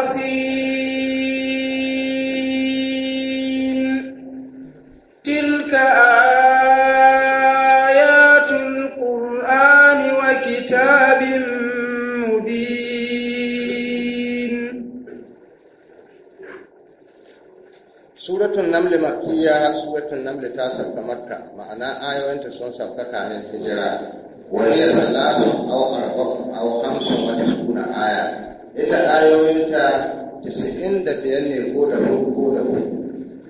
ياسين تلك آيات القرآن وكتاب مبين سورة النمل مكية سورة النمل تاسف مكة معنا آية وانت سنسى فكا الهجرة وهي ثلاث أو أربع أو خمس وتسعون آية ita ayoyinta tisa'in da biyan ne ko da ko da ko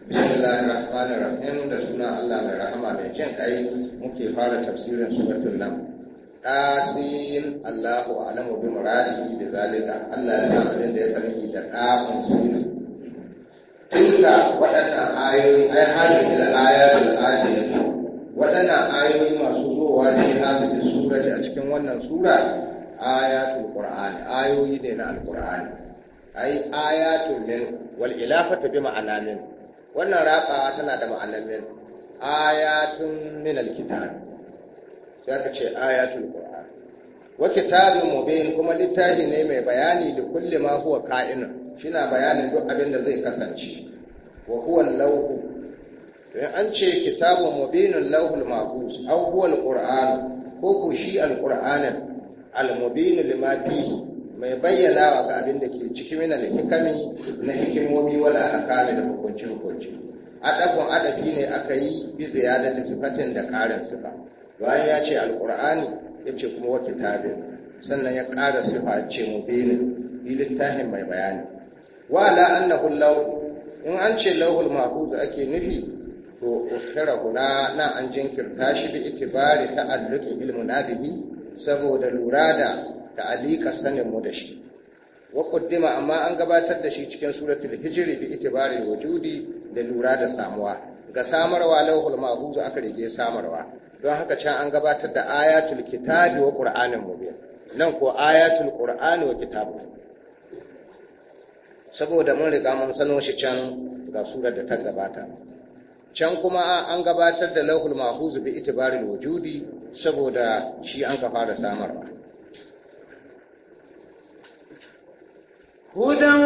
bismillahir rahmanir rahim da suna Allah mai rahama mai jin kai muke fara tafsirin suratul lam qasin Allahu alamu bi muradihi da zalika Allah ya sa abin da ya farin da ƙafin sina tilka waɗannan ayoyi ai hadhihi ayar da ajiye waɗannan ayoyi masu zuwa ne da surati a cikin wannan sura ayatul qur'an ayoyi ne na alqur'ani ai ayatul min wal ilafatu bi ma'ana min wannan rabawa tana da ma'anamin. min ayatun min alkitab sai aka ce ayatul qur'an wa kitabun mubin kuma littafi ne mai bayani da kulli ma huwa ka'in shina bayanin duk abin da zai kasance wa huwa lawhu to an ce kitabun mubinul lawhul mahfuz aw huwa alquran ko ko shi alquranin al-mubinu lima mai bayyanawa ga abin da ke ciki min al na hikimomi wal ahkami da hukunci hukunci adabun adabi ne aka yi bi da sifatin da karin sifa bayan ya ce alqur'ani ya ce kuma wata kitabin sannan ya ƙara sifa ce mubinin bi littafin mai bayani wa la annahu law in an ce lawul mahfuz ake nufi to ukhira huna na an jinkirta shi bi itibari ta'alluqi ilmu nabihi saboda lura da ta'alika sanin mu da shi wa kuddima amma an gabatar da shi cikin suratul hijri bi itibari wujudi da lura da samuwa ga samarwa lauhul mahuzu aka rige samarwa don haka can an gabatar da ayatul kitabi wa qur'anin mubin nan ko ayatul qur'ani wa kitabu saboda mun riga mun sano shi can ga surar da ta gabata can kuma an gabatar da lauhul mahuzu bi itibarin wujudi saboda shi an ka fara samarwa hudan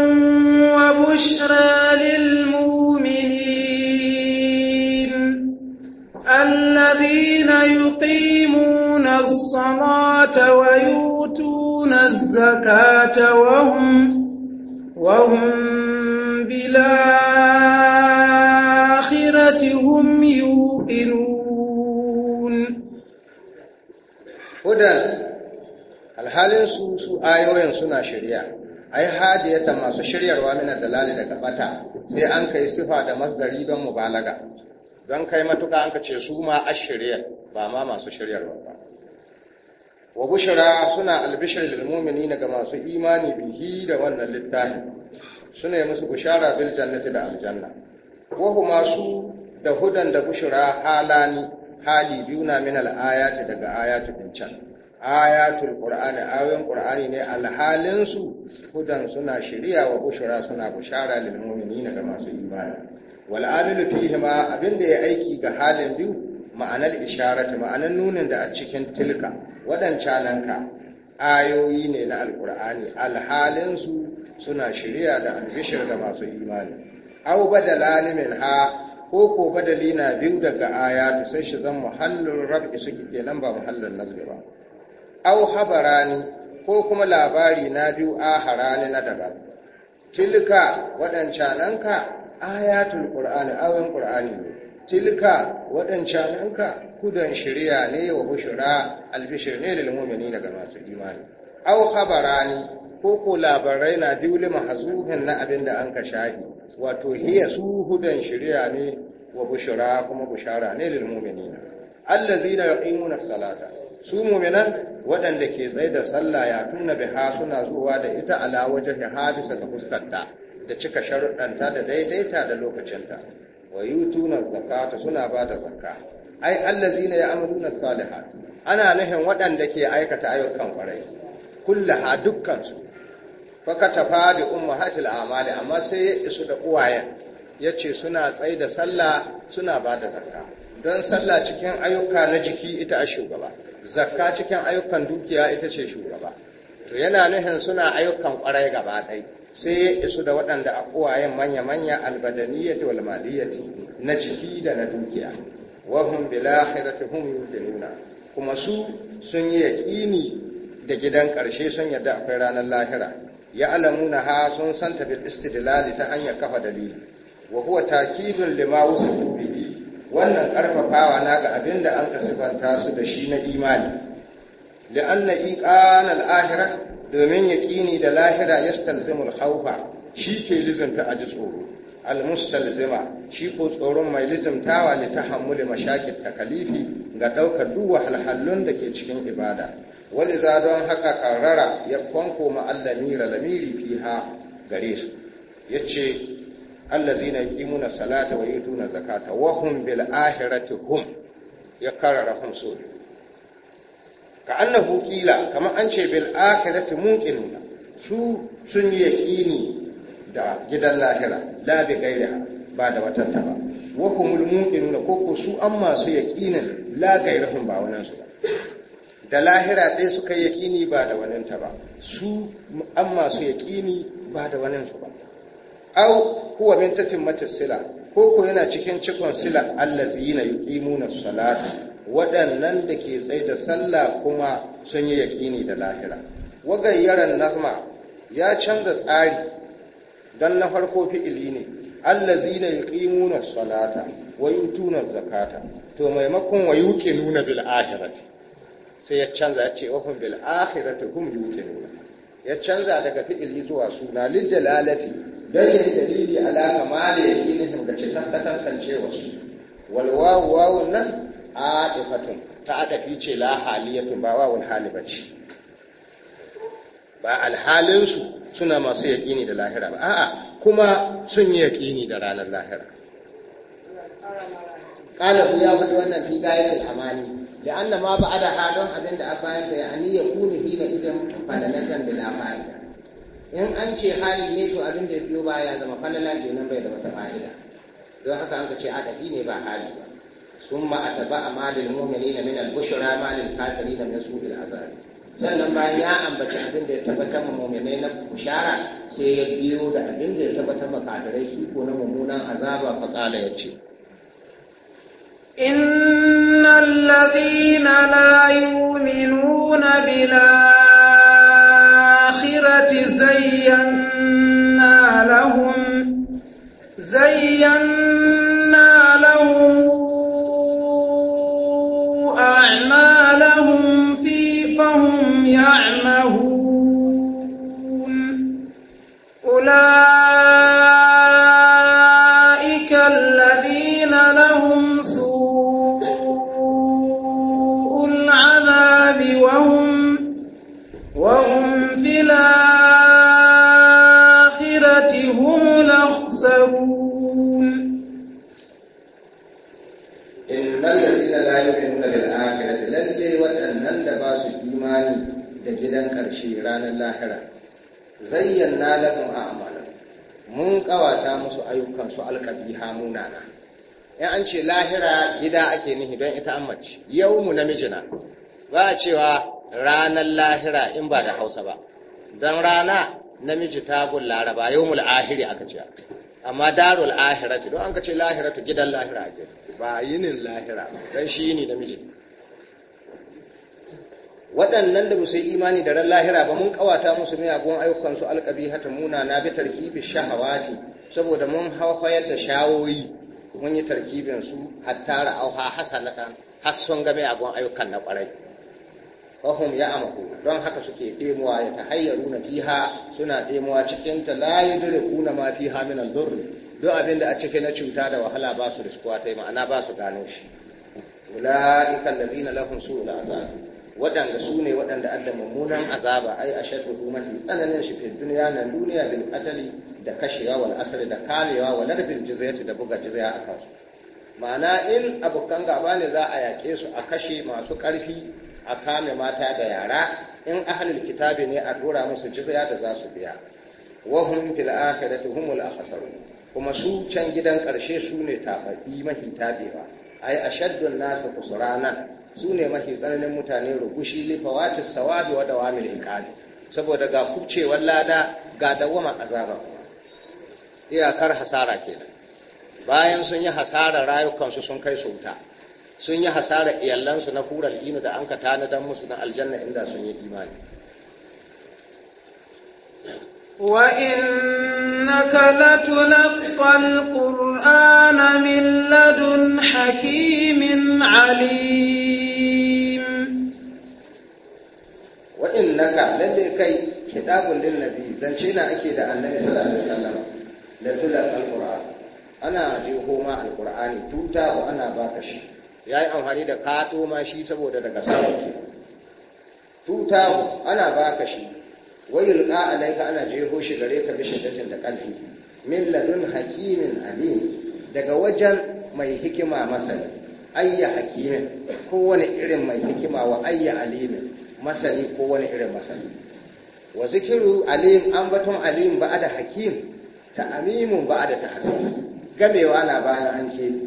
wa bushra lil mu'minin alladhina yuqimuna as-salata wa yutuna az-zakata wa hum wa hum الآخرة alhalinsu su su ayoyin suna shirya ai hadiyata masu shiryarwa mina dalali daga bata sai an kai sifa da masdari don mubalaga don kai matuka an ka ce su ma ashiriyar ba ma masu shiryarwa ba wa suna albishar lil daga masu imani bihi da wannan littafin suna yi musu bushara bil jannati da aljanna wa masu. da hudan da bushura halani hali biyu na min al'ayati daga ayatul can ayatul qur'ani ayoyin qur'ani ne alhalin su hudan suna shiriya wa bushura suna bushara lil mu'minina ga masu imani wal amil fihi ma abinda ya aiki ga halin biyu ma'anar isharatu ma'anar nunin da a cikin tilka wadancan ka ayoyi ne na alqur'ani alhalin su suna shiriya da albishir ga masu imani aw badalani min ha ko ko badali na biyu daga ayatu sai shi zan muhallin rab'i suke kenan ba muhallin nazbi ba au habarani ko kuma labari na biyu a aharani na daba tilka waɗancananka ayatul qur'ani ayoyin qur'ani ne tilka waɗancananka kudan shirya ne wa bushura albishir ne lil mu'minina ga masu imani au habarani Koko labarai na biyu mahzufin na abin da an ka shahi wato hiya suhudan shirya ne wa Bushara kuma bushara ne lil ya allazina yuqimuna salata su mu'minan waɗanda ke tsaye da sallah ya tunna biha suna zuwa da ita ala ya habisa ta fuskarta da cika sharuɗanta da daidaita da lokacinta wa yutuna zakata suna ba da zakka ai allazina ya'maluna salihat ana nahin waɗanda ke aikata ayyukan kwarai kullaha dukkan su fakatafa bi hatil amali amma sai ya isu da uwayen ya ce suna tsaye da sallah suna ba da zakka don sallah cikin ayyuka na jiki ita a shugaba zakka cikin ayyukan dukiya ita ce shugaba to yana nuhin suna ayyukan kwarai gaba ɗai sai ya isu da waɗanda a uwayen manya-manya albadaniyyati da maliyyati na jiki da na dukiya Wa hum bil akhirati hum yuqinuna kuma su sun yi yaƙini da gidan karshe sun yarda akwai ranar lahira alamuna ha sun san bil istidlal ta hanyar kafa dalili wa huwa takidun lima wasu bihi wannan karfafawa na ga abin da an kasifanta su da shi na imani li'anna iqan al-akhirah domin yaqini da lahira yastalzimul khawfa shi ke lizanta a ji tsoro al-mustalzima shi ko tsoron mai lizimtawa li tahammuli mashaqit takalifi ga daukar duk wahalhalun da ke cikin ibada wani za don haka karara ya kwanko ma allamira lamiri fiha gare su ya ce allazina yuqimuna salata wa yutuna zakata wa hum bil ahirati hum ya karara hum so ka annahu qila kamar an ce bil ahirati muqinuna su sun yi yaƙini da gidan lahira la bi ba da watanta ba wa ko ko su an masu yaqinin la ba wannan su ba da lahira ɗaya suka yaƙini ba da waninta ba su an masu yaƙini ba da waninsu ba au kuwa min tatimmatis sila ko ko yana cikin cikon sila allazina yuqimuna salata waɗannan da ke tsaye da sallah kuma sun yi yaƙini da lahira wagayyaran nazma ya canza tsari don na farko fi'ili ne allazina yuqimuna salata wayu, tunar, zakata to maimakon wa nuna bil akhirati sai ya canza ya ce wahum bil akhirati hum yuqinun ya canza daga fi'ili zuwa suna lil dalalati dan yayi dalili ala kamali yakinihim da cikin su wal wawu wawu nan atifatun ta adafi ce la haliyatu ba wawul hali bace ba alhalin su suna masu yaƙini da lahira ba a'a kuma sun yi yaƙini da ranar lahira qala ya faɗi wannan fi gayatil amani da anna ma ba ada hadon abin da bayar da yani ya kuni hira idan falalatan bil afaida in an ce hali ne to abin da biyo baya zama falala nan bai da wata fa'ida don haka an ce adabi ne ba hali ba summa ataba amalil mu'minina min al bushra malil kafirin min su'il azab sannan bayan ya ambaci abin da ya tabbatar ma mu'minai na bushara sai ya biyo da abin da ya tabbatar ma kafirai su ko na mummunan azaba fa kala ce. إن الذين لا يؤمنون بالآخرة زينا لهم زينا لهم أعمالهم في فهم يعمهون أولئك يخسرون إن الذين لا يؤمنون بالآخرة da وأنن دباس إيمان دجلن كرشي ران الآخرة زينا لكم أعمال mun ƙawata musu ayyukansu alƙabiha munana in an ce lahira gida ake nihi don ita an mace yau mu namijina ba a cewa ranar lahira in ba da hausa ba don rana namiji tagun laraba yau mul'ahiri aka ce amma darul ahiratu don an ka ce lahiratu gidan lahira ake ba yinin lahira don shi ne namiji waɗannan da musu imani da ran lahira ba mun kawata musu miyagun ayyukansu su hata muna na bi tarkibi shahawati saboda mun hawayar da shawoyi mun yi tarkibin su hatta ra'auha hasanatan har sun ga miyagun ayyukan na ƙwarai fahum ya amaku don haka suke taimawa ya tahayyaru na fiha suna ɗemuwa cikin ta la dure na ma fiha min al zurri duk abin da a cike na cuta da wahala ba su riskuwa ta ma'ana ba su gano shi ulaika allazina lahum su'ul azab waɗanda su ne waɗanda allah mummunan azaba ai ashadu humati tsananin shi fi duniya nan duniya bil qatali da kashewa wal asr da kamewa wal arbil jizyati da buga jizya a kasu. ma'ana in abokan gaba ne za a yaƙe su a kashe masu ƙarfi a kame mata da yara in ahalin kitabi ne a dora musu jizya da za su biya wahun fil akhirati humul akhsarun kuma su can gidan ƙarshe su ne tafafi mahi tabewa ai ashaddun nasa kusurana su ne mahi tsananin mutane rugushi li sawabi wa dawamil iqabi saboda ga kubcewar lada ga dawama azaba iyakar hasara kenan bayan sun yi hasarar rayukansu sun kai su wuta sun yi hasarar iyallansu na kurar Dino da an ka tanadan musu na aljanna inda sun yi imani wa innaka latulqal qur'ana min ladun hakimin alim wa innaka lalle kai kitabul linnabi zance ina ake da annabi sallallahu alaihi wasallam latulqal qur'an ana jiho ma alqur'ani tuta wa ana baka shi ya yi amfani da kato ma shi saboda daga samun ke tuta ana baka shi wai yulqa alaika ana jeho shi gare ka bishin datin da kalfi min ladun hakimin alim daga wajen mai hikima masani ayya hakimin kowane irin mai hikima wa ayya alimin masani kowane irin masani wa zikiru alim ambaton alim ba'ada hakim da ba'ada tahassis gamewa na bayan an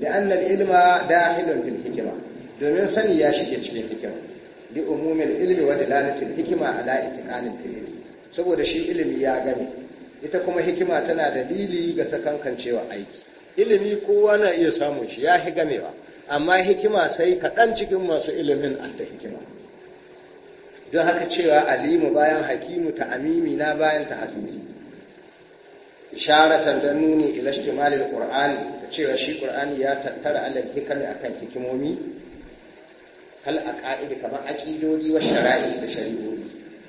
li'anna al dahilin bin hikima domin sani ya shiga cikin hikima li umumil ilmi wa dalalatil hikima ala itiqanil fi'l saboda shi ilimi ya gane ita kuma hikima tana dalili ga sakankancewa aiki ilimi kowa na iya samun shi ya hi gamewa amma hikima sai kaɗan cikin masu ilimin adda hikima don haka cewa alimu bayan hakimu ta amimi na bayan ta hasisi isharatan don nuni ilashtimalil qur'ani cewa shi qur'ani ya tattara alal hikami akan hikimomi hal aqaidi kamar aqidodi wa shara'i da shari'o'i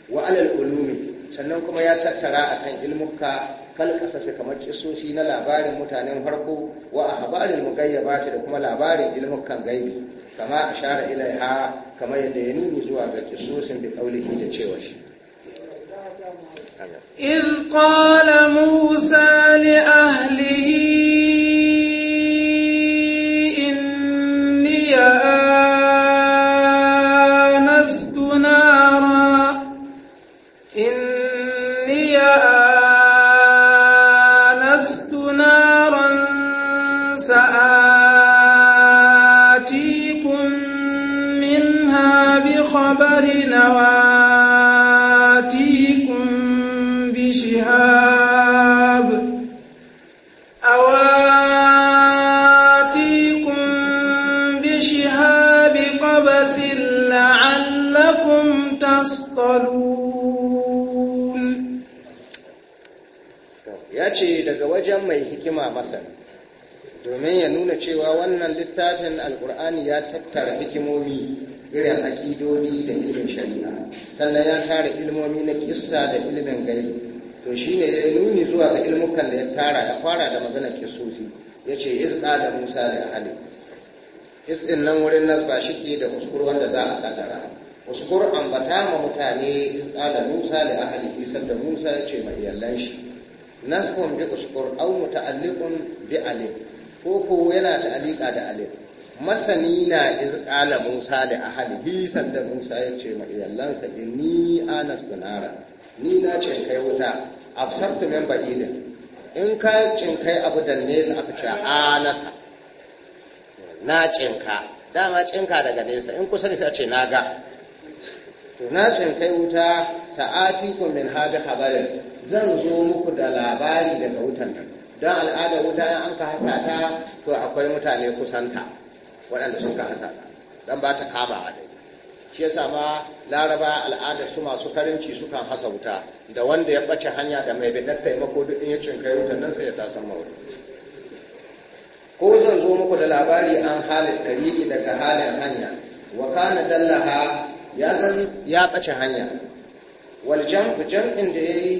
wa alal ulumi sannan kuma ya tattara akan ilmuka kal kasashe kamar kisoshi na labarin mutanen farko wa mu mugayyabati da kuma labarin ilmukan gaibi kama share ilaiha kamar yadda ya nuni zuwa ga kisoshin da kaulihi da cewa shi إذ قال موسى لأهله نواتيكم بشهاب أواتيكم بشهاب قبس لعلكم تصطلون ya ce daga wajen mai hikima domin ya nuna cewa wannan littafin alkur'ani ya tattara hikimomi irin aƙidodi da irin shari'a sannan ya tara ilmomi na kissa da ilmin gari to shi ne ya nuni zuwa ga ilmukan da ya tara ya fara da magana kisosi ya ce izka da musa da ahali isɗin nan wurin nas ba shi ke da kuskur wanda za a kaddara uskur ambata ma mutane izka da musa da ahali isar da musa ya ce mai iyalan shi nasbun bi kuskur au muta'alliqun bi alif ko ko yana ta'alliqa da alif masani na izƙala Musa da ahalihi sanda Musa ya ce ma iyallansa inni anas nara ni na kai wuta absartu min ba'idin in ka cinkai abu da nesa aka ce anasa na cinka dama cinka daga nesa in kusa ne sai a ce na ga to na cinkai wuta sa'atikum min hada habarin zan zo muku da labari daga wutan nan don al'adar wuta an ka hasa ta to akwai mutane kusanta waɗanda sun ka hasa don ba ta kama a dai shi yasa ma laraba al'adar su masu karinci sukan hasa wuta da wanda ya ɓace hanya da mai bidan taimako duk in ya kai wutan nan sai ya tasan mawa ko zan zo muku da labari an halin tariki daga halin hanya wa kana dallaha ya zan ya ɓace hanya wal jam'u jam'in da ya yi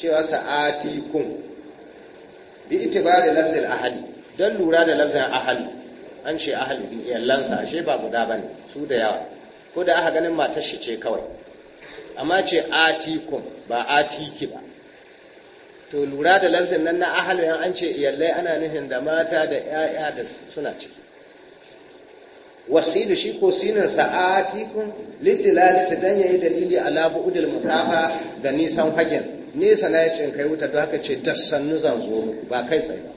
cewa kun bi itibari lafzin ahali don lura da lafzin ahali an ce ahalihi iyalansa ashe ba guda ba ne su da yawa ko da aka ganin matar shi ce kawai amma ce atikum ba atiki ba to lura da lafsin nan na ahalu yan an ce iyalai ana nufin da mata da 'ya'ya da suna ciki wasilu shi ko sinin sa'atikun ta don yayi dalili ala bu'udil musafa da nisan fagen nesa na ya cinkai wuta don haka ce dasannu zan ba kai tsaye ba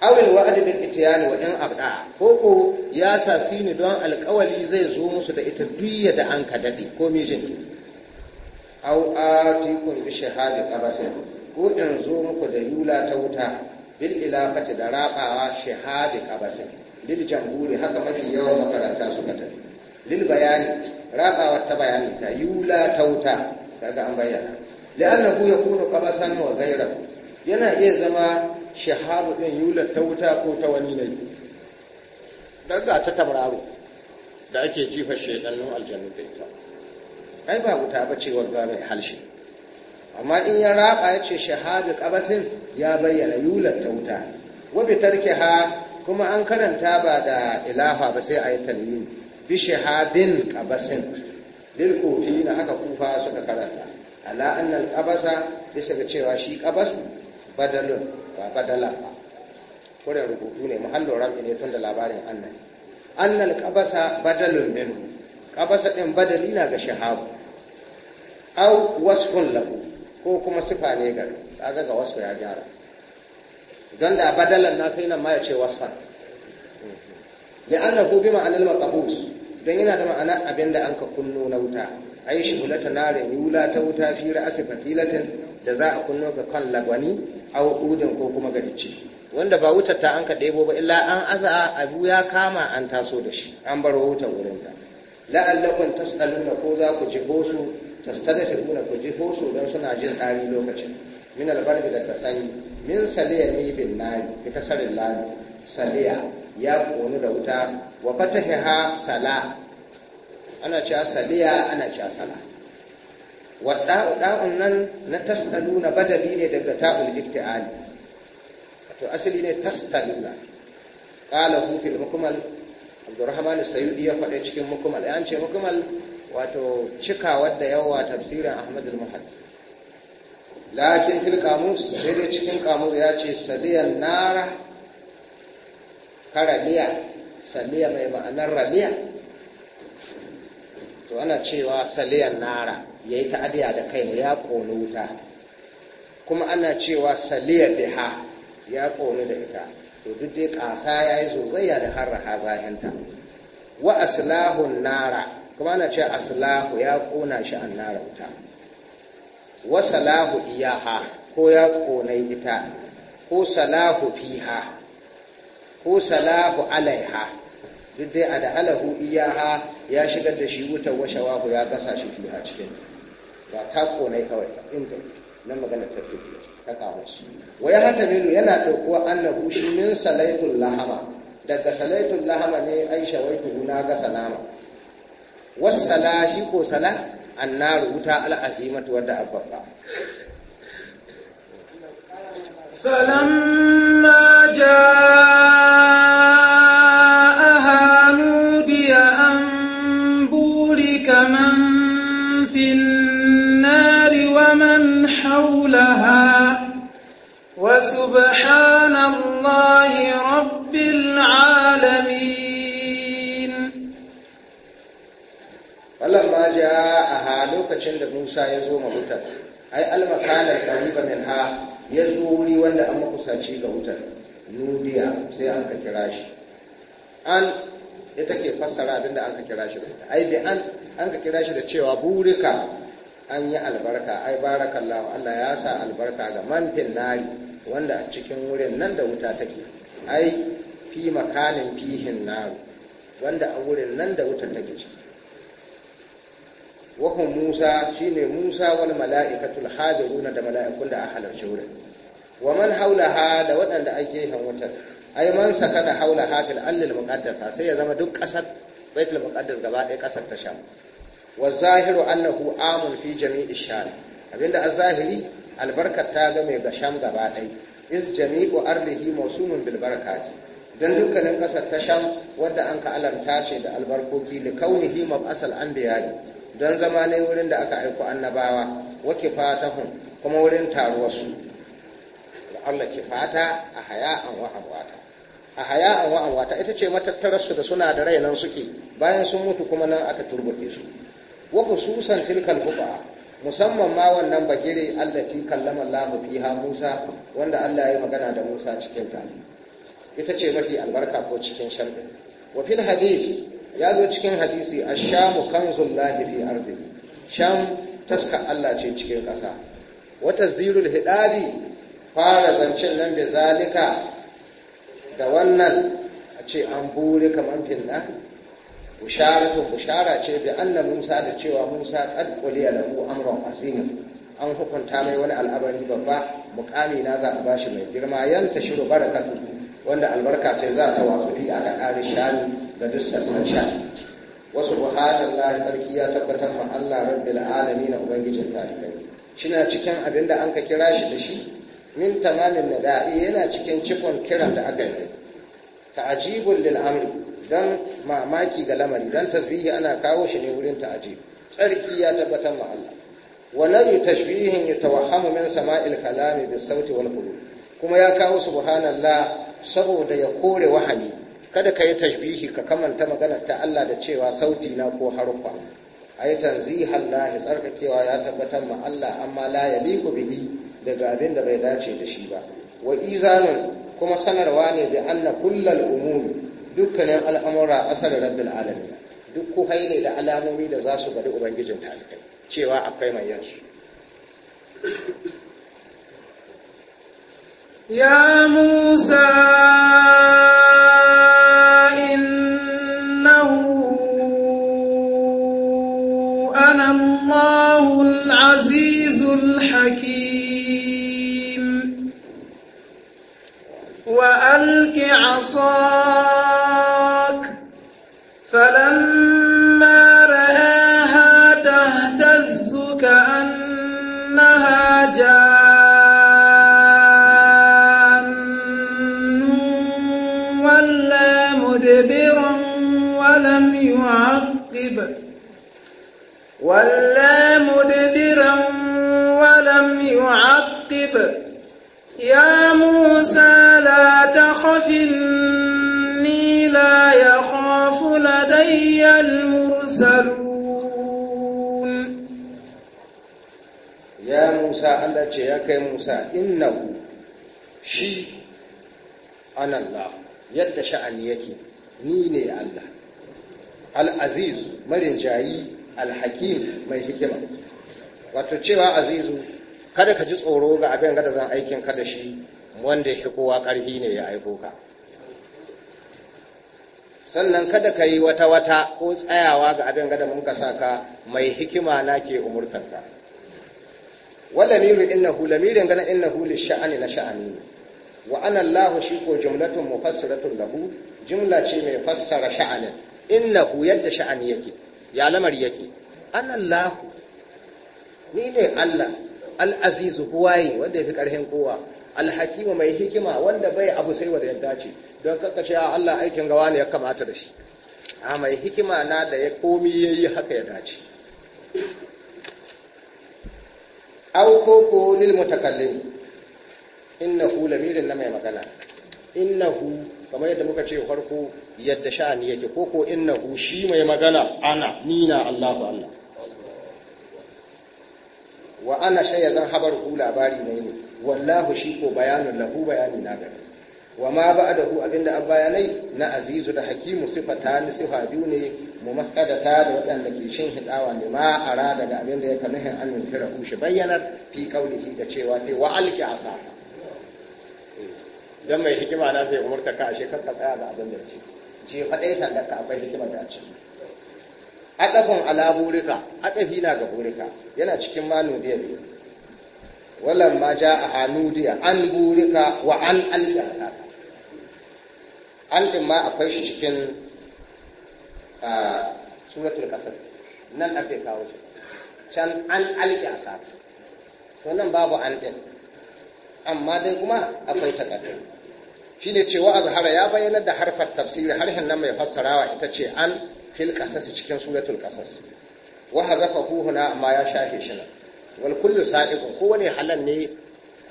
awil wa adabin itiyani wa in abda koko ya sasi ni don alkawali zai zo musu da ita duyya da an ka dade ko mijin au atikum bi shahadi qabasin ko in zo muku da yula ta wuta bil ilafati da rabawa shahadi qabasin lil jamhuri haka mafi yawan makaranta suka tafi lil bayani rabawa ta bayani ta yula ta wuta daga an bayyana la'annahu yakunu qabasan wa ghayra yana iya zama Shahabu ɗin yula ta wuta ko ta wani na don ta tamraro da ake jifa shaidannin aljanu da ita ai ba wuta ba ce warga mai halshe amma in ya raba ya ce shahadu kabasin ya bayyana yula ta wuta wabi tarke ha kuma an karanta ba da ilaha ba sai a yi tanwini bi shahabin kabasin lil na aka kufa suka karanta ala annal kabasa bisa ga cewa shi kabas badalun ba fa ba kuren rubutu ne muhallin rabi ne tun da labarin annan Annan kabasa badalin minhu kabasa din badali na ga shahabu au wasfun lahu ko kuma sifa ne gare kaga ga wasu ya gyara don da badalan na sai nan ma ya ce wasfan li'annahu bi ma'anil maqbus don yana da ma'ana abinda an ka kunno na wuta ayi shi bulata nare yula ta wuta fi ra'asi fatilatin da za a kunno ga kan lagwani aw udin ko kuma garice wanda ba wutar ta an ka ɗebo ba illa an aza abu ya kama an taso da shi an bar wutar wurin ta La'allakun la'allakum tas'aluna ko za ku jiho su tastadhiruna ku jiho su don suna jin tsari lokacin min albardi da tasani min saliya ne bin nari bi sarin lami saliya ya konu da wuta wa fata ha sala ana cewa saliya ana cewa sala wa da'u da'un nan na tas'aluna badali ne daga ta'ul ibtiali to asali ne tas'aluna qala hu fil mukmal Abdurrahman Sayyidi ya faɗa cikin mukmal Ya ce mukmal wato cika wadda yawa tafsirin Ahmad al-Muhaddi lakin fil qamus sai dai cikin qamus ya ce saliyan nara karaliya saliya mai ma'anar raliya to ana cewa saliyan nara ya yi ta'adiya da kai ya ƙone wuta kuma ana cewa saliya biha ya ƙone da ita to duk dai ƙasa ya yi zozayya da har raha zahinta wa aslahun nara kuma ana cewa aslahu ya ƙona shi an nara wuta wa salahu iyaha ko ya ƙone ita ko salahu fiha ko salahu alaiha duk dai a da alahu iyaha ya shigar da shi wutar washawahu ya gasa shi a cikin ga ta konai kawai ta inda na magana ta tafi ta kawo shi wa ya hata nilu yana ɗaukuwa annabu shi min salaitun lahama daga salaitun lahama ne aisha wai tuhu na ga salama wassala shi ko sala annaru wuta al'azimatu wadda abbabba فلما جاء رسولها وسبحان الله رب العالمين فلما جاءها lokacin da Musa ya zo ma wutar ai almakanar qariba minha ya zo wuri wanda an makusaci ga wutar nudiya sai an ka kira shi an ita ke fassara abinda an ka kira shi ai bi an ka kira shi da cewa burika an yi albarka ai barakallahu Allah ya sa albarka ga manfin nari wanda a cikin wurin nan da wuta take ai fi makanin fihin naru wanda a wurin nan da wuta take ciki wahun musa shine musa wal mala'ikatul hadiruna da mala'ikun da a halarci wurin wa man haulaha da waɗanda ake gehen wutar ai man sakana haula hafil allil muqaddasa sai ya zama duk ƙasar baitul muqaddas gaba ɗaya ƙasar ta sham wa zahiru annahu amun fi jami'i shari abinda a zahiri albarkar ta ga mai gasham gaba ɗai is jami'u arlihi mausumin bil barakati dan dukkanin kasar ta sham wadda an ka alamta ce da albarkoki li kaunihi asal anbiya'i don zama ne wurin da aka aiko annabawa wa kifatahum kuma wurin taruwarsu Allah kifata a haya'an wa amwata a haya'an wa amwata ita ce matattararsu da suna da rai nan suke bayan sun mutu kuma nan aka turbuke su wa khususan tilkal fuqa musamman ma wannan bagire allati kallama Allah fiha Musa wanda Allah ya magana da Musa cikin ta ita ce mafi albarka ko cikin sharri wa fil hadith ya zo cikin hadisi ash-shamu kanzul lahi fi ardi sham taska Allah ce cikin ƙasa wa tasdirul hidabi fara zancen nan bi zalika da wannan a ce an bure kamar finna bisharatu bishara ce bi anna Musa da cewa Musa qad quliya lahu amran azim an hukunta mai wani al'amari babba mukami na za a bashi mai girma yanta shiru barakatu wanda albarka ce za ta wasu fi a ƙaƙarin shani ga duk sassan shani wasu buhanallahi sarki ya tabbatar ma Allah rabbil alamin ubangijin talibai shina cikin abin da an ka kira shi da shi min na nada'i yana cikin cikon kiran da aka yi ta'ajibul lil amri don mamaki ga lamari don tasbihi ana kawo shi ne wurin ta'aji tsarki ya tabbatar ma Allah wa nabi tashbihin yatawahhamu min sama'il kalami bis sauti wal qulub kuma ya kawo subhanallah saboda ya kore wahani kada ka yi tashbihi ka kamanta maganar ta Allah da cewa sauti na ko harfa ayi tanzihan Allah tsarkakewa ya tabbatar ma Allah amma la yaliku bihi daga abin da bai dace da shi ba wa izanun kuma sanarwa ne bi anna kullal umuri dukkanin al'amura asalin rabbil alamin duk ku ne da alamomi da za su gari ubangijin talibai cewa akwai mai yansu ya musa innahu ana allahul azizul hakim وألك عصاك فلما رآها تهتز كأنها جان ولا مدبرا ولم يعقب ولا مدبرا ولم يعقب يا موسى لا تخفني لا يخاف لدي المرسلون يا موسى الله ce ya kai Musa innahu shi anallahu yadda sha'ani yake ni ne Allah al-aziz marin hakim mai hikima wato cewa azizu kada ka ji tsoro ga abin da zan aikin ka da shi wanda ya kowa ƙarfi ne ya aiko ka sannan kada ka yi wata-wata ko tsayawa ga abin da mun ka ka mai hikima na ke umurtanka walamiru innahu lamirin ganin innahu li sha'ani na sha'ani wa Anallahu shi ko jumlatun mufassiratun lahu jumla ce mai fassara sha'anin innahu yadda sha'ani yake ya lamar yake Anallahu, ni ne Allah al'azizu huwaye wanda ya fi ƙarhin kowa alhakima mai hikima wanda bai abu sai da ya dace don kakashe a Allah aikin gawa ne ya kamata da shi a mai hikima na da ya komi ya yi haka ya dace An koko lil mutakallim innahu lamirin na mai magana innahu kamar yadda muka ce farko yadda sha'ani yake koko innahu shi mai magana ana nina Allahu Allah wa ana shayya zan habar ku labari ne ne wallahu shi ko bayanin lahu bayani na gari wa ma ba da hu abinda an bayanai na azizu da hakimu sifata ni sifa biyu ne mu makadata da waɗanda ke shin hidawa ne ma ara daga abinda ya kan hin an yunkira hu shi bayyanar fi kaulihi da cewa te wa alki asa eh, dan mai hikima na zai umurta ka ashe ka tsaya ga abin da ce ce faɗai ka akwai hikima da ciki adafin ala burika adafi na ga burika yana cikin manudiya ne wallan ma ja a hanudiya an burika wa an aljanna an din ma akwai shi cikin suratul kasar nan ake kawo shi can an aljanna to nan babu an din amma dai kuma akwai takaddu shine cewa azhara ya bayyana da harfar tafsiri harhin nan mai fassarawa ita ce an fil qasas cikin suratul kasas wa hazafa huna amma ya shafe shi nan wal kullu sa'iqun wani halan ne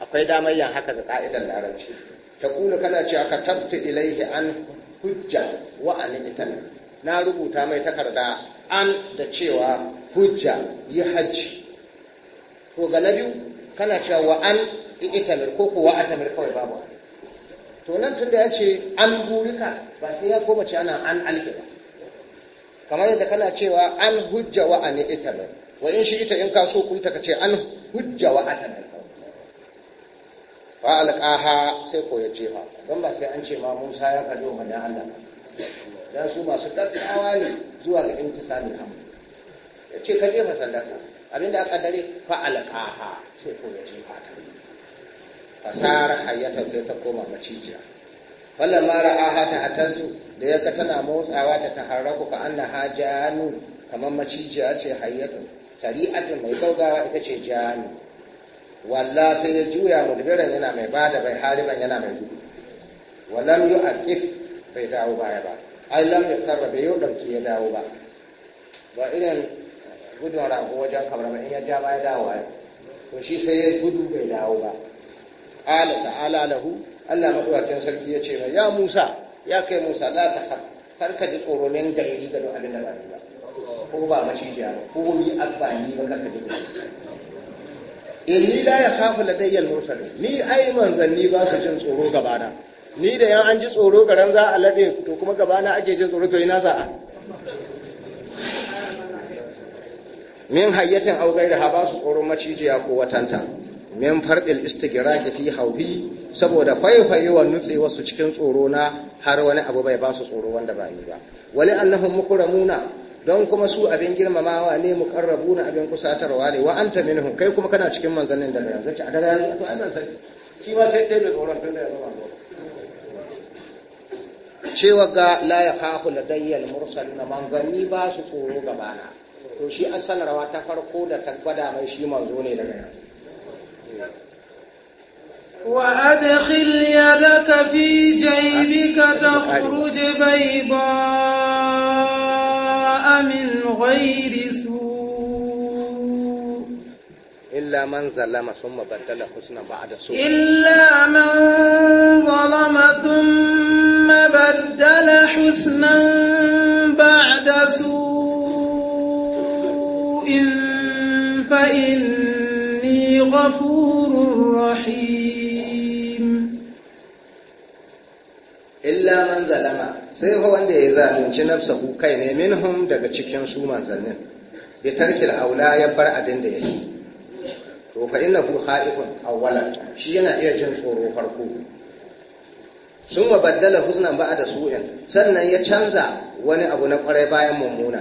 akwai damar yin haka da ka'idar larabci ta kullu kana cewa ka tabtu ilaihi an hujja wa an itan na rubuta mai takarda an da cewa hujja yi hajji ko ga na biyu kana cewa wa an itamir ko ko wa atamir kawai babu to nan tunda ya ce an burika ba sai ya koma ce an alƙi ba kamar yadda kana cewa an hujja wa an ita ne wa in shi ita in ka so kunta ka ce an hujja wa an Ba alqaha sai koya ce jefa don ba sai an ce ma Musa ya wa manzon Allah don su masu daddawa ne zuwa ga imtisalin hamd ya ce ka jefa sallaka abinda aka dare fa alqaha sai koya ya jefa ta fasara hayatan sai ta koma maciciya fallan mara aha ta hatansu da ya tana motsawa ta taharraku ka anna ha janu kamar macijiya ce hayyatu shari'atun mai gaugawa ita ce janu walla sai ya juya mudbiran yana mai da bai hariban yana mai gudu walam ƙif bai dawo baya ba ai lam yuqarra bai yau dauki ya dawo ba ba irin gudun rago wajen kamar ba in ya ja baya dawo to shi sai ya gudu bai dawo ba qala ta'ala lahu Allah maɗaukakin sarki ya ce mai ya Musa ya kai Musa la ta har ji tsoro ne da yi ga abin da ba ni ba ko ba maciji ba ko ni abba ni ba kar ka ji tsoro inni eh, la ya khafu ladayya al-mursal ni ai manzanni ba su jin tsoro gaba da. ni da yan an ji tsoro garan za a lade to kuma gaba na ake jin tsoro to ina za a min hayyatin au gairaha ba su tsoron macijiya ko watanta min fardil istigraqi fi hawbi saboda faifayewar nutse wasu cikin tsoro na har wani abu bai ba su tsoro wanda ba ni ba wali annahum mukramuna don kuma su abin girmamawa ne mu na abin kusatarwa ne wa anta minhum kai kuma kana cikin manzannin da yanzu ci a daga yanzu to ai ban sani shi ma sai dai mai tsoron tunda ya zama cewa ga la ya khafu ladayyal al-mursaluna manzanni ba su tsoro gabana to shi asalarwa ta farko da ta gwada mai shi manzo ne daga yanzu وأدخل يدك في جيبك تخرج بيضاء من غير سوء إلا من ظلم ثم بدل حسنا بعد سوء إلا من ظلم ثم بدل حسنا بعد سوء فإني غفور رحيم illa man zalama sai fa wanda ya zalunci nafsahu kai ne minhum daga cikin su manzannin bi tarkil aula ya bar abin da yake to fa innahu khaifun awwalan shi yana iya jin tsoro farko sun baddala huznan ba'a da su'in sannan ya canza wani abu na kwarai bayan mummuna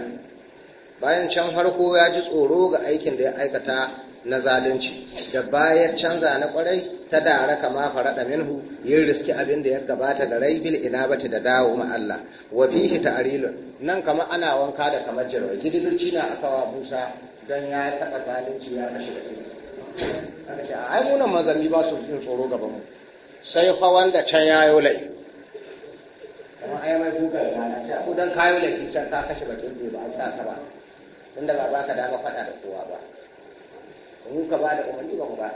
bayan can farko ya ji tsoro ga aikin da ya aikata na zalunci da baya canza na kwarai ta dara kama faraɗa minhu yin riski abin da ya gabata da rai bil inabati da dawo ma Allah wa fihi ta'rilun nan kama ana wanka da kamar jirwa gidirci na akawa busa don ya taba zalunci ya kashe da kai ai munan nan ba su jin tsoro gaban mu sai fa wanda can yayo lai kuma ai mai kuka da ta ko dan kayo lai can ka kashe bakin bai ba an ka ba tunda ba baka dama faɗa da kowa ba mun ka ba da umarni ba mu ba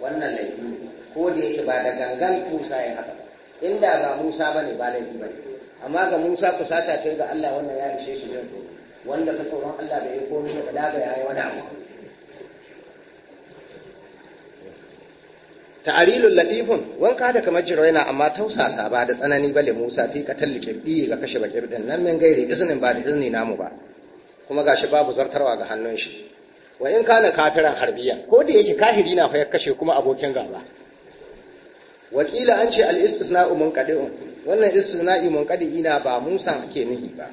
wannan laifi ne ko da yake ba da gangan musa ya haka inda ba musa ba ne ba laifi ba amma ga musa ku sata ce ga Allah wannan ya rishe shi zai wanda ka tsoron Allah bai yi komi da da ga yayi wani abu ta'arilul latifun wanka da kamar yana amma tausasa ba da tsanani bale musa fi ka tallike bi ga kashe bakir din nan min gairi izinin ba da izini namu ba kuma gashi babu zartarwa ga hannun shi wa in kana kafiran harbiya ko da yake kahiri na fa ya kashe kuma abokin gaba wakila an ce al istisna'u munqadi'un wannan istisna'i munqadi'i ina ba musa ake nufi ba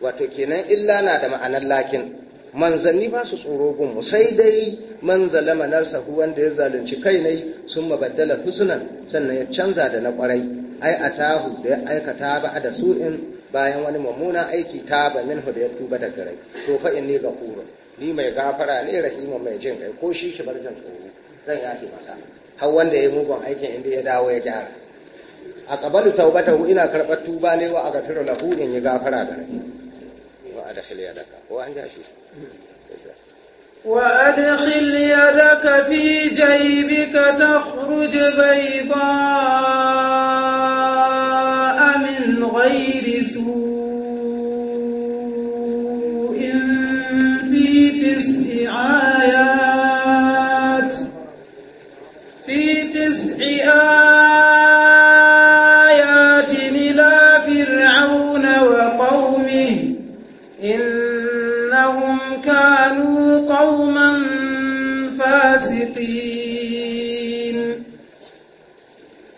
wato kenan illa na da ma'anar lakin manzanni ba su tsoro gunmu sai dai man zalama narsahu wanda ya zalunci kai ne sun mabaddala husnan sannan ya canza da na kwarai ai atahu da ya aikata ba da su'in bayan wani mummunan aiki ta ba minhu da ya tuba da garai to fa inni ghafurun ni mai gafara ne rahima mai jin kai ko shi shi bar jin tsoro zan yafi masa har wanda ya yi mugun aikin inda ya dawo ya gyara a qabalu hu, ina karɓar tuba ne wa agafiru lahu in yi gafara da rahima wa ya daka, ko an gashi وأدخل يدك في جيبك تخرج بيضاء من غير سوء في تسع آيات في تسع آيات إلى فرعون وقومه إنهم كانوا قوما فاسقين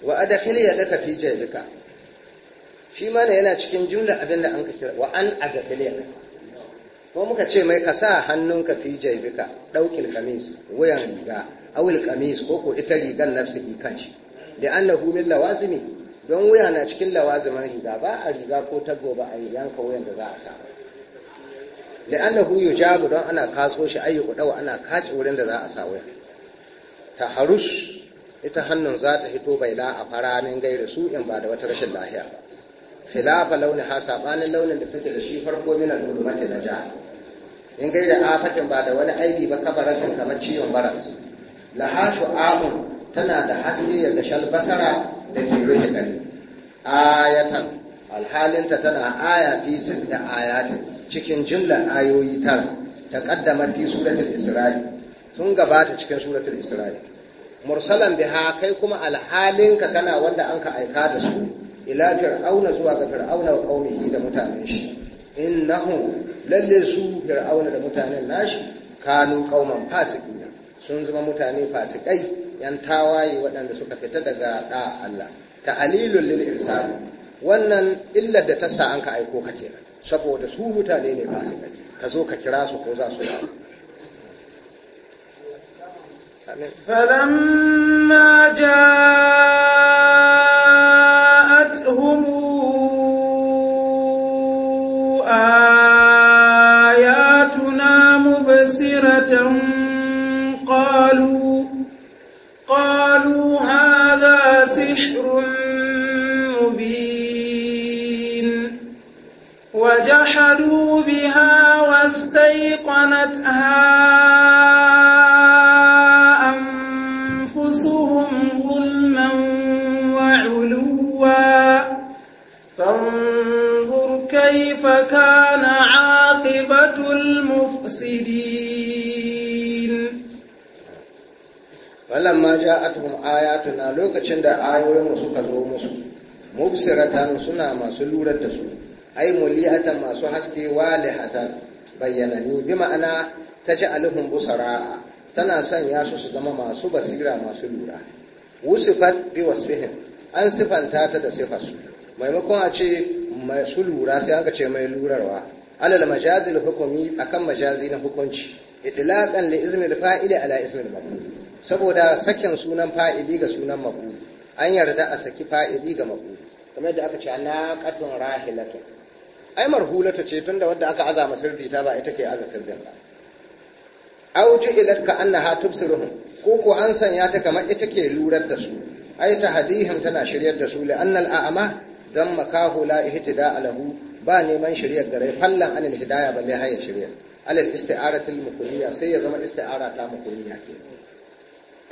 وأدخل يدك في جيبك في ما لا yana cikin جملة abin da وأن أدخل يدك ko muka ce mai ka sa hannunka fi jaibika ɗaukin kamis wuyan riga awil kamis ko ko ita rigan kan shi? da an na min lawazimi don wuya na cikin lawaziman riga ba a riga ko tago ba a yanka wuyan da za a samu da an na huyu jagu don ana katso shi ayyuku dawa ana kaci wurin da za a sa wuya ta harush ita hannun za ta hito bai la a fara min gaira su in ba da wata rashin lahiya ba khilafa launi ha saɓanin launin da take da shi farko minan al na jihar in gai da afatin ba da wani aibi ba kabarasin kamar ciwon baras laha Amun tana da haske ya ga shalbasara da ke rushe gani ayatan alhalinta tana aya fi tisda ayatin cikin jimlar ayoyi tara ta kaddama fi suratul isra'i sun gabata cikin suratul isra'i mursalan biha kai kuma alhalinka kana wanda an ka aika da su ila fir'auna zuwa ga fir'auna wa qaumihi da mutanen shi innahu lalle su fir'auna da mutanen nashi kanu kauman fasiki sun zama mutane fasikai yan tawaye waɗanda suka fita daga da Allah alilul lil insan wannan illar da ta sa an ka aiko ka kenan saboda su mutane ne fasikai ka zo ka kira su ko za su ba فلما جاء تبصرة قالوا قالوا هذا سحر مبين وجحدوا بها واستيقنتها أنفسهم ظلما وعلوا فانظر كيف كان عاقبة مفسدين فلما جاءتهم tuna, lokacin da ayoyin mu suka zo musu mubsiratan suna masu lura da su ai muliyatan masu haske walihatan bayyanani bi ma'ana taj'aluhum busara tana sanya su su zama masu basira masu lura wusifat bi wasfihim an sifanta ta da sifarsu maimakon a ce masu lura sai aka ce mai lurarwa alal majazil hukumi akan majazi na hukunci idlaqan li da fa'ili ala ismil maf'ul saboda sakin sunan fa'ili ga sunan maf'ul an yarda a saki fa'ili ga maf'ul kamar yadda aka ce anaqatun rahilatu ai marhulata ce tunda wadda aka azama sirri ta ba ita ke aza sirri ba aw ju'ilat ka annaha tubsiruhum ko ko an sanya ta kamar ita ke lurar da su ai ta hadihin tana shiryar da su li annal a'ma dan makahu la alahu ba neman shiryar gare fallan anil hidaya balle haya shirya alal isti'aratil mukulliya sai ya zama isti'ara ta mukulliya ke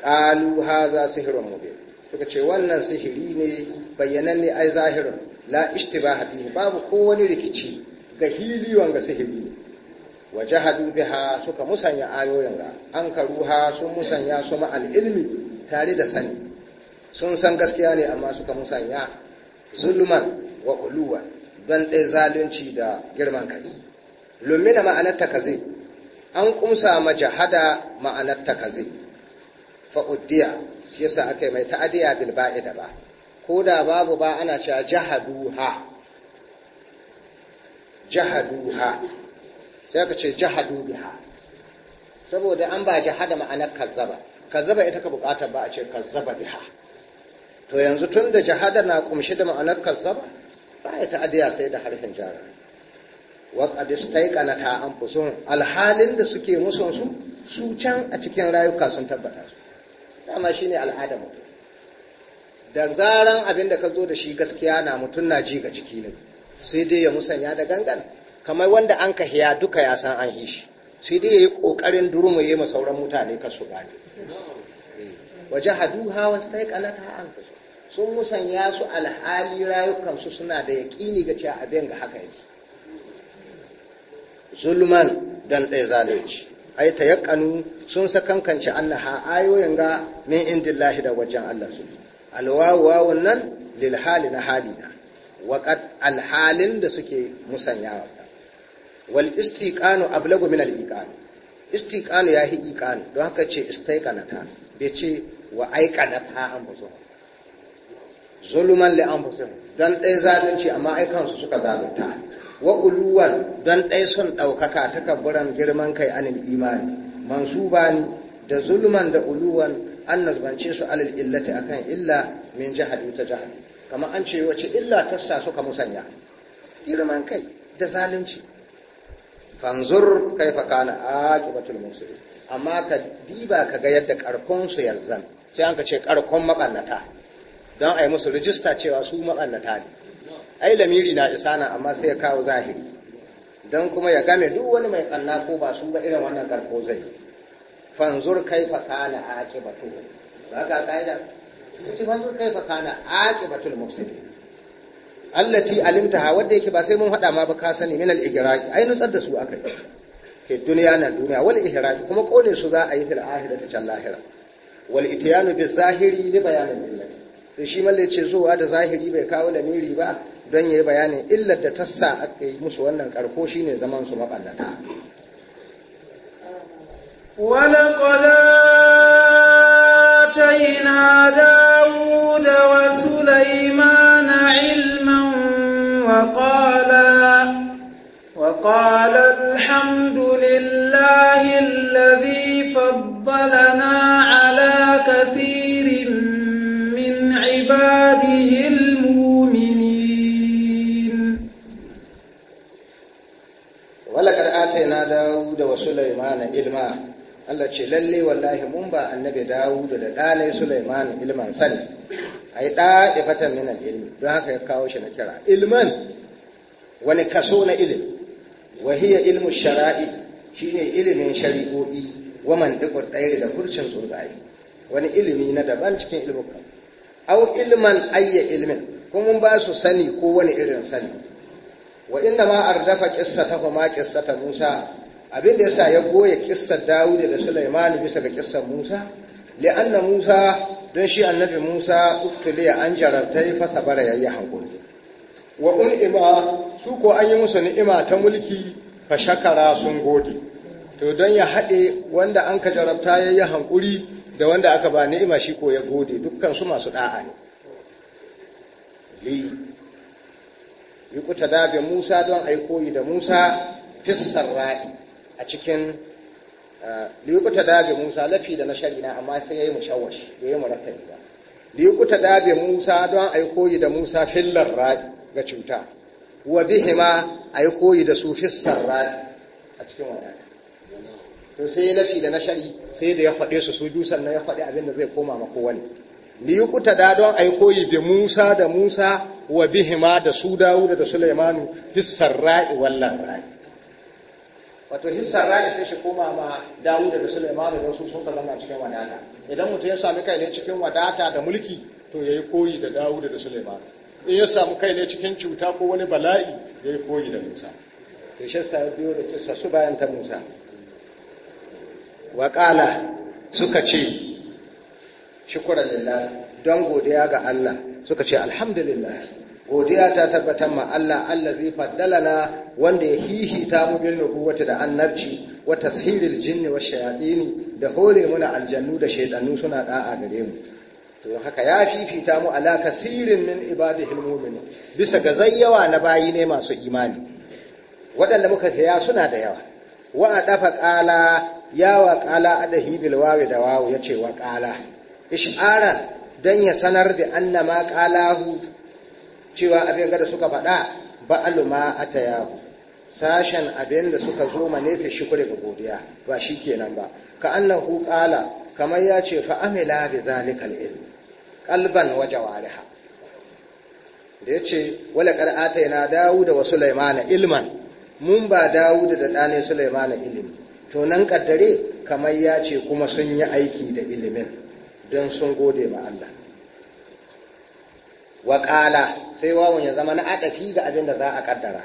qalu hadha sihrun mubin suka ce wannan sihiri ne bayyanan ne ai zahirin la ishtibaha bihi babu ko wani rikici ga hili wanga sihiri ne wajahadu biha suka musanya ayoyin ga an karuha sun musanya su ma al-ilmi tare da sani sun san gaskiya ne amma suka musanya zulman wa uluwa don ɗai zalunci da girman kai lumina ma'anar zai? an kumsa ma ma'anarta ma'anar zai. fa'uddiya shi yasa aka yi mai ta'adiyya bilba'i da ba ko da babu ba ana cewa jihadu ha, sai ka ce jahadu biha saboda an ba jahada ma'anar kazzaba kazzaba ita ka buƙatar ba a ce kazzaba biha to yanzu tun da jahada na kumshi da ma'anar kazzaba ba ya ta'adiya sai da harfin jara waƙadi staikana ta an alhalin da suke musonsu su can a cikin rayuka sun tabbata su dama shine al'ada mutum da zaran abin da ka zo da shi gaskiya na mutum na ji ga jiki ne sai dai ya musanya da gangan kamar wanda an ka hiya duka ya san an shi. sai dai ya yi ƙoƙarin durmuye ma sauran mutane ka su eh. waje haduha wasu ta an sun musanya su alhali rayukansu suna da yaƙini ga cewa abin ga haka yake zulman don ɗaya zalunci ai ta yakanu sun sakankanci ha ayoyin ga min lahi da wajen Allah su alwawu wawun nan lil hali na halina waƙat alhalin da suke musanyawa wal istiqanu ablagu min al iqanu istiqanu hi iqanu don haka ce istaiqanata bai ce wa aiqanata an buzo zuluman li anfusihim don ɗaya zalunci amma ai suka zalunta wa uluwan don ɗaya sun ɗaukaka kaburan girman kai anil imani ni da zuluman da uluwan an nazbance su alal illati akan illa min jihadi ta jihadi kamar an ce wace illa ta sa suka musanya girman kai da zalunci fanzur kai kaifa kana aqibatul mufsidin amma ka diba ka ga yadda karkon su yanzan sai an ka ce karkon maballata don a yi musu rijista cewa su maɓannata ne ai lamiri na isana amma sai ya kawo zahiri don kuma ya game duk wani mai ƙanna ko ba su ba irin wannan karko zai fanzur kai fa kana ake batu ba ka ka'ida su ce fanzur kai fa kana aki batul mufsidi allati alimtaha wadda yake ba sai mun haɗa ma ba ka sani min al-igraqi ai nutsar da su akai Ke duniya na duniya wal ihraq kuma kone su za a yi fil ahirati can lahira wal ityanu bi zahiri li bayanin millati to shi malle ce da zahiri bai kawo lamiri ba don yi bayani illar da tassa aka yi musu wannan karko shi ne zaman su maballata wala qala tayna daud wa sulaiman ilman wa qala wa qala alhamdulillahi alladhi faddalana ala katirin عباده المؤمنين ولقد آتينا داود وسليمان علما Allah ce lalle wallahi mun ba annabi Dawudu da ɗalai Sulaiman ilman sani ai da ifatan min ilmi don haka ya kawo shi na kira ilman wani kaso na ilimi wa hiya ilmu shara'i shine ilimin shari'o'i wa man diqu da furcin tsuntsaye wani ilimi na daban cikin ilmuka. aw ilman ayya ilmin kuma mun ba su sani ko wani irin sani wa inna ma ardafa qissata kuma ta Musa abin da yasa ya goye kissar Dawud da Sulaiman bisa ga kissar Musa li'anna Musa don shi annabi Musa uktuliya an jararta fa sabara yayi hankuri wa un'ima su ko an yi musu ni'ima ta mulki fa shakara sun gode to don ya haɗe wanda an ka jarabta ya yi hankuri da wanda aka ba ni'ima shi ko ya gode dukkan su masu ɗa'a ne yi kuta dabe musa don a yi koyi da musa fissar ra'i a cikin eh, li yi kuta musa lafi da na shari'a amma sai ya yi mu shawashi ya yi mu rattani ba li yi kuta musa don a yi koyi da musa fillar ra'i ga cuta wa bihima a yi koyi da su fissar ra'i a cikin wani to sai ya nafi da na shari sai da ya faɗe su su biyu sannan ya faɗi abin da zai koma ma kowane li da don yi koyi bi Musa da Musa wa bihima da su Dawuda da Sulaimanu hissar ra'i wallan ra'i wato hissar ra'i sai shi koma ma Dawud da Sulaimanu don su sun zama cikin wadata idan mutum ya sami kai ne cikin wadata da mulki to ya yi koyi da Dawuda da Sulaimanu in ya samu kai ne cikin cuta ko wani bala'i ya yi koyi da Musa to shi sa biyo da kissa su bayan ta Musa waƙala suka ce shukura lillah don godiya ga Allah suka ce alhamdulillah godiya ta tabbatar ma Allah Allah zai faddalana wanda ya hihita mu bil nubuwati da annabci wa tashilil jini wa shayatin da hore muna aljannu da shaidannu suna ɗa'a gare mu to haka ya fifita mu ala kasirin min ibadihil mu'minin bisa ga zayyawa na bayi ne masu imani waɗanda muka saya suna da yawa wa ɗafa ƙala. ya wa ƙala adahi hibil wawe da wawu ya ce wa ƙala Ish'ara don ya sanar da annama ƙalahu cewa abin da suka faɗa a ta yahu sashen abin da suka zo nefe shi kure ga godiya ba shi kenan ba ka hu ƙala kamar ya ce fa amila bi zalikal ilm Kalban waje wariha. da yace wala yana dawo da wasu laimana ilman mun ba dawuda da ɗane laimana ilimi to nan kaddare kamar ya ce kuma sun yi aiki da ilimin don sun gode ma Allah waƙala sai wawan ya zama na aɗafi ga abin da za a kaddara.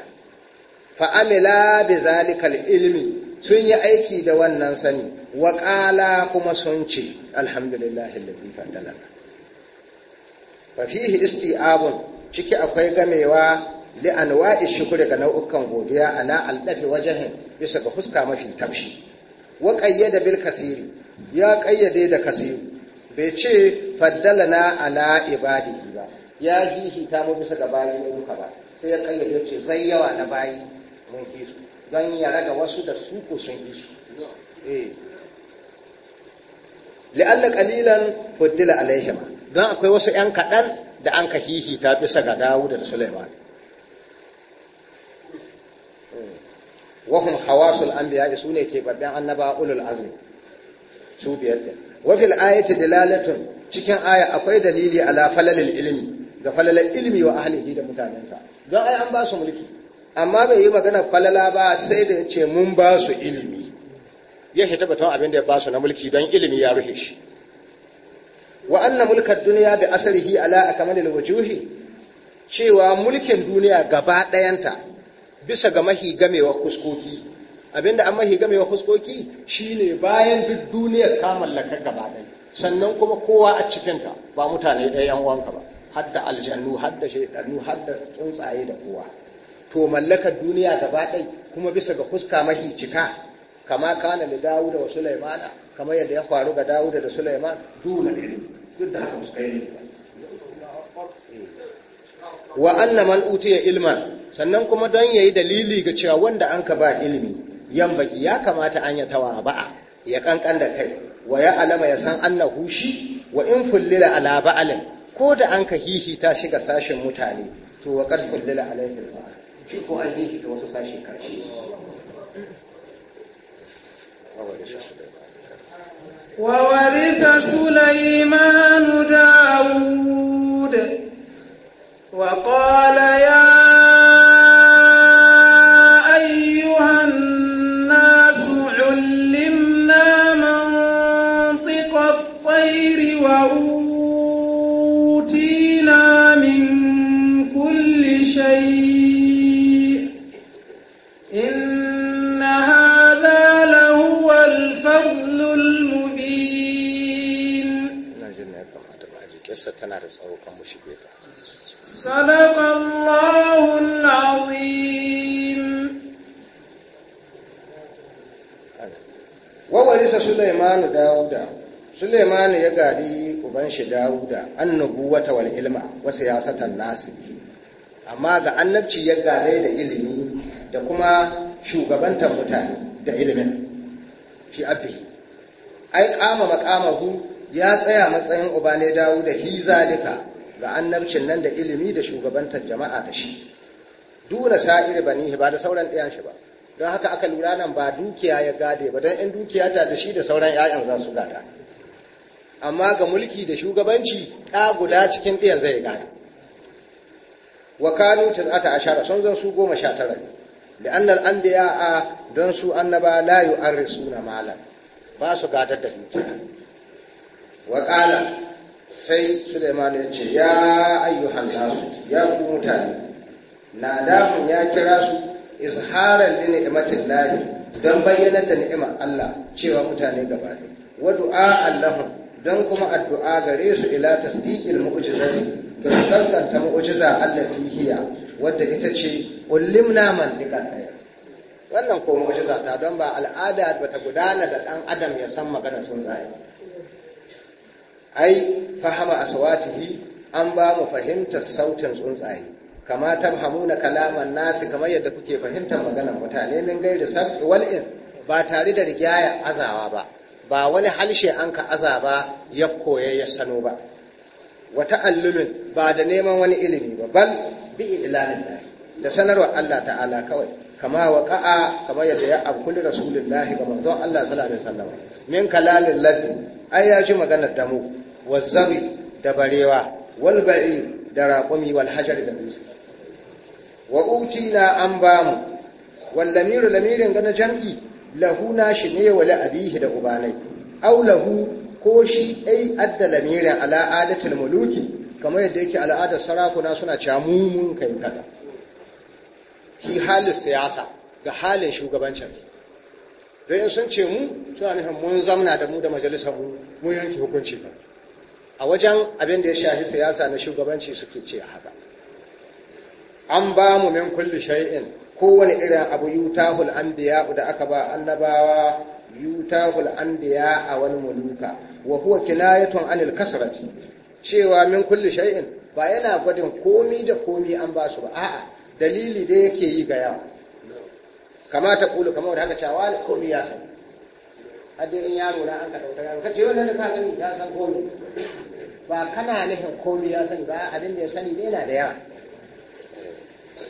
fa'amila bi zalikal ilmi sun yi aiki da wannan sani waƙala kuma sun ce alhamdulillahi Fafihi fadalana fa isti isti'abun ciki akwai gamewa li anwa'i shukri ga nau'ukan godiya ala aldafi wajahin bisa ga fuska mafi tafshi wa qayyada bil kasiri ya qayyade da kasiri bai ce faddalana ala ibadihi ba ya hihita mu bisa ga bayi na duka ba sai ya qayyade ce zai yawa na bayi mun fi su don ya raga wasu da su ko sun yi su eh li'alla qalilan fuddila alaihima don akwai wasu yan kaɗan da an ka hihita bisa ga Dawud da Sulaiman wahum khawasul anbiya su ne keɓaɓɓen annaba ulul azmi su biyar da wafil ayati dalalatun cikin aya akwai dalili ala falalil ilmi ga falalar ilmi wa ahlihi da mutanensa don ai an ba su mulki amma bai yi magana falala ba sai da ce mun ba su ilimi ya shi tabbatar abin da ya ba su na mulki don ilimi ya rufe shi wa anna mulkar duniya bi asarihi ala akamalil wujuhi cewa mulkin duniya gaba dayanta. bisa ga mahi gamewa kuskoki abinda an mahi gamewa kuskoki shine bayan duk duniyar ka mallaka gaba ɗaya sannan kuma kowa a cikinta ba mutane ɗaya yan uwanka ba hadda aljannu hadda shaidannu hadda tsuntsaye da kowa to mallakar duniya gaba ɗaya kuma bisa ga fuska mahi cika kama kana da dawuda wa sulaimana kama yadda ya faru ga dawuda da sulaiman duna duk da haka fuska ne wa anna man utiya ilman sannan kuma don ya yi dalili ga cewa wanda an ka ba ilimi yan baki ya kamata an ya tawa ba'a ya kankan da kai wa ya alama ya san an hushi, wa in fullila ala ba'alin ko da an ka hihi shi ga sashen mutane to wa kan fullila alaihi shi ko an hihita wasu sashe kashi وورث سليمان داود kissa tana da tsawo kan mushi ya gari uban shi dauda wata wani ilma ya satan nasi amma ga annabci ya gare da ilimi da kuma shugabantar mutane da ilimin shi abbi ai kama makamahu ya tsaya matsayin uba ne dawo da hi zalika ga annabcin nan da ilimi da shugabantar jama'a da shi duna sa'ir banihi ba da sauran ɗayan shi ba don haka aka lura nan ba dukiya ya gade ba don in dukiya ta da shi da sauran 'ya'yan za su gada amma ga mulki da shugabanci ɗa guda cikin ɗayan zai gada wa kanu zata ashara sun zan su goma sha tara ne an biya anbiyaa don su annaba la na malam. ba su gadar da dukiya waƙala sai suleiman ya ce ya ayyuhan nasu ya ku mutane na dafin ya kira su izharar li ni'imatin lahi don bayyanar da ni'imar Allah cewa mutane gaba ne wa du'a Allah don kuma addu'a gare su ila tasdiqil mu'jizati da su kaskanta mu'jiza Allah tihiya wadda ita ce ullimna man dikan daya wannan ko mu'jiza ta don ba al'ada ba ta gudana da ɗan adam ya san magana sun zai ai fahama aswatihi an ba mu fahimtar sautin tsuntsaye kama na kalaman nasi kamar yadda kuke fahimtar magana. mutane min da sabti wal'in ba tare da rigaya azawa ba ba wani halshe an ka azaba ya koye ya sano ba wa ta'allumin ba da neman wani ilimi ba bal bi ilanin da sanarwa Allah ta'ala kawai kama wa ka'a kama yadda ya abkuli rasulullahi ga manzon Allah sallallahu alaihi wasallam min kalalin lafi ai ya ji maganar damu wazzabi da barewa wal ba'ir da raƙumi wal hajar da dutse wa an bamu wal lamiru lamirin ga na jam'i lahu nashi ne wa abihi da ubanai aw lahu ko shi ai adda lamirin ala adatul muluki kamar yadda yake al'adar sarakuna suna cewa mumun kai kada shi halin siyasa ga halin shugabancin don in sun ce mu suna nufin mun zamna da mu da majalisar mu mun yanke hukunci ba a wajen abin da ya shafi siyasa na shugabanci suke ce a haka an ba mu min kulli shay'in kowane irin abu yutahul anbiya da aka ba annabawa yutahul anbiya a wani muluka wa huwa kinayatun anil kasrati cewa min kulli shay'in ba yana gwadin komi da komi an ba su ba a'a dalili da yake yi ga yawa kamata kulu kamar haka cewa komi ya sani har in yaro na an ka ɗauka yaro kace wannan da ka gani ya san komai ba kana nufin komai ya san ba abin da ya sani dai yana da yawa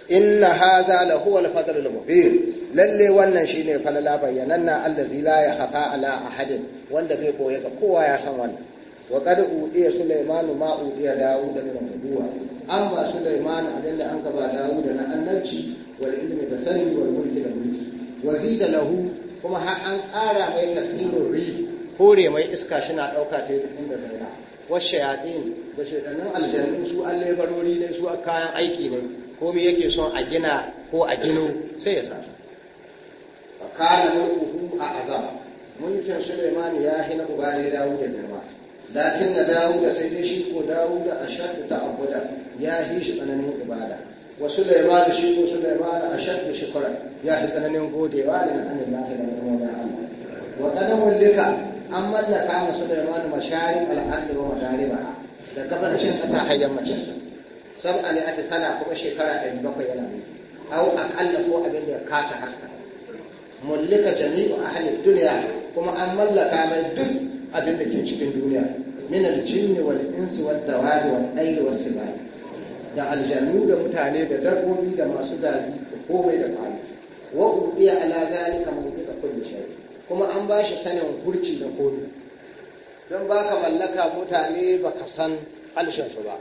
inna haza la huwa al-fadl al-mubin lalle wannan shine falala bayyananna allazi la yakhafa ala ahadin wanda zai koya ga kowa ya san wannan wa qad udiya sulaiman ma udiya dawud min nubuwa amma sulaiman abinda an gaba dawud na annabci wal ilmi da sani wal mulki da mulki wazida lahu kuma har an ƙara mai nasirun ri Kore mai iska shi na ɗauka ta yi inda mai na wasu yaɗin da shaɗannin aljanu su an lebarori ne su a kayan aiki ne ko me yake son a gina ko a gino sai ya sa a kana mulkuhu a azam mulkin Suleiman ya hina ubani dawo da girma lakin na da sai dai shi ko da a shaɗu ta abuda ya hi shi tsananin ibada wa Suleiman shi ko Suleiman a shi kwarar ya hi tsananin godewa da annabi wa kada an mallaka da Sulaiman masharib al'adu ba wa ba? da gabancin kasa har yammacin sab'a mi'ati sana kuma shekara ɗari bakwai yana au aqalla ko abin da ya kasa haka mallaka jami'u a dunya kuma an mallaka mai duk abin da ke cikin duniya min al-jinni wal insi wad dawabi wal was sibai da aljannu da mutane da dabbobi da masu dabi da komai da kwano wa ubiya ala zalika mawdu'a kulli shay kuma an ba shi sanin hurci na kodu don ba ka mallaka mutane ba ka san alshinsu ba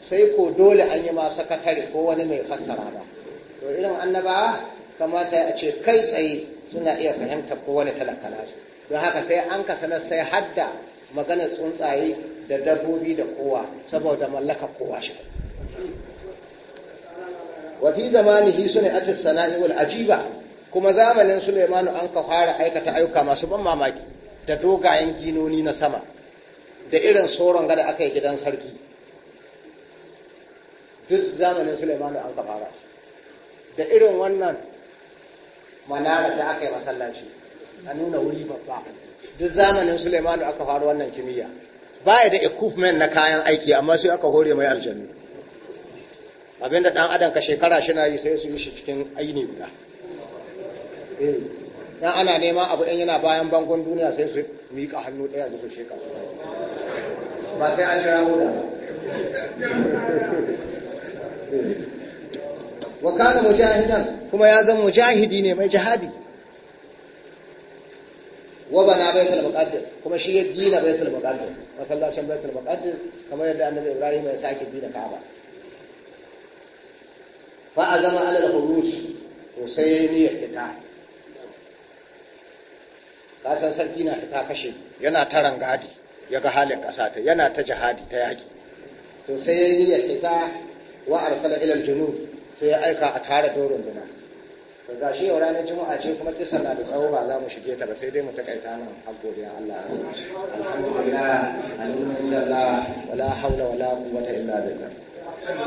sai ko dole an yi ma sakatare ko wani mai fassara ba to irin annaba kamata a ce kai tsaye suna iya fahimta ko wani su don haka sai an ka sanar sai hadda maganar tsuntsaye da dabbobi da kowa saboda mallaka kowa shi wa fi zamanihi suna atis sana'i wal ajiba kuma zamanin Sulaimanu an ka fara aikata ayyuka masu ban mamaki da dogayen ginoni na sama da irin tsoron gada aka yi gidan sarki duk zamanin Sulaimanu an ka fara da irin wannan manarar da aka yi masallaci a nuna wuri babba duk zamanin Sulaimanu aka fara wannan kimiyya baya da equipment na kayan aiki amma sai aka hore mai aljannu abinda dan adam ka shekara shi na yi sai su yi shi cikin aini guda ana neman abu ɗan yana bayan bangon duniya sai su miƙa hannu ɗaya su sheka ba sai an jira huda wa kana mujahidan kuma ya zama mujahidi ne mai jihadi wa bana baitul maqaddas kuma shi ya gina baitul maqaddas masallacin baitul maqaddas kamar yadda annabi Ibrahim ya sake gina Ka'aba fa azama ala al-khuruj to sai ya fita kasan sarki na ta kashe yana ta rangadi ya ga halin ƙasa ta yana ta jihadi ta yaki. to sai ya yi fita wa arsala ilal junu sai ya aika a tara doron runduna to ga shi yau ranar juma'a ce kuma kisan na da tsawo ba za mu shige ta ba sai dai mu takaita nan har godiya Allah alhamdulillah alhamdulillah wala hawla wala quwwata illa billah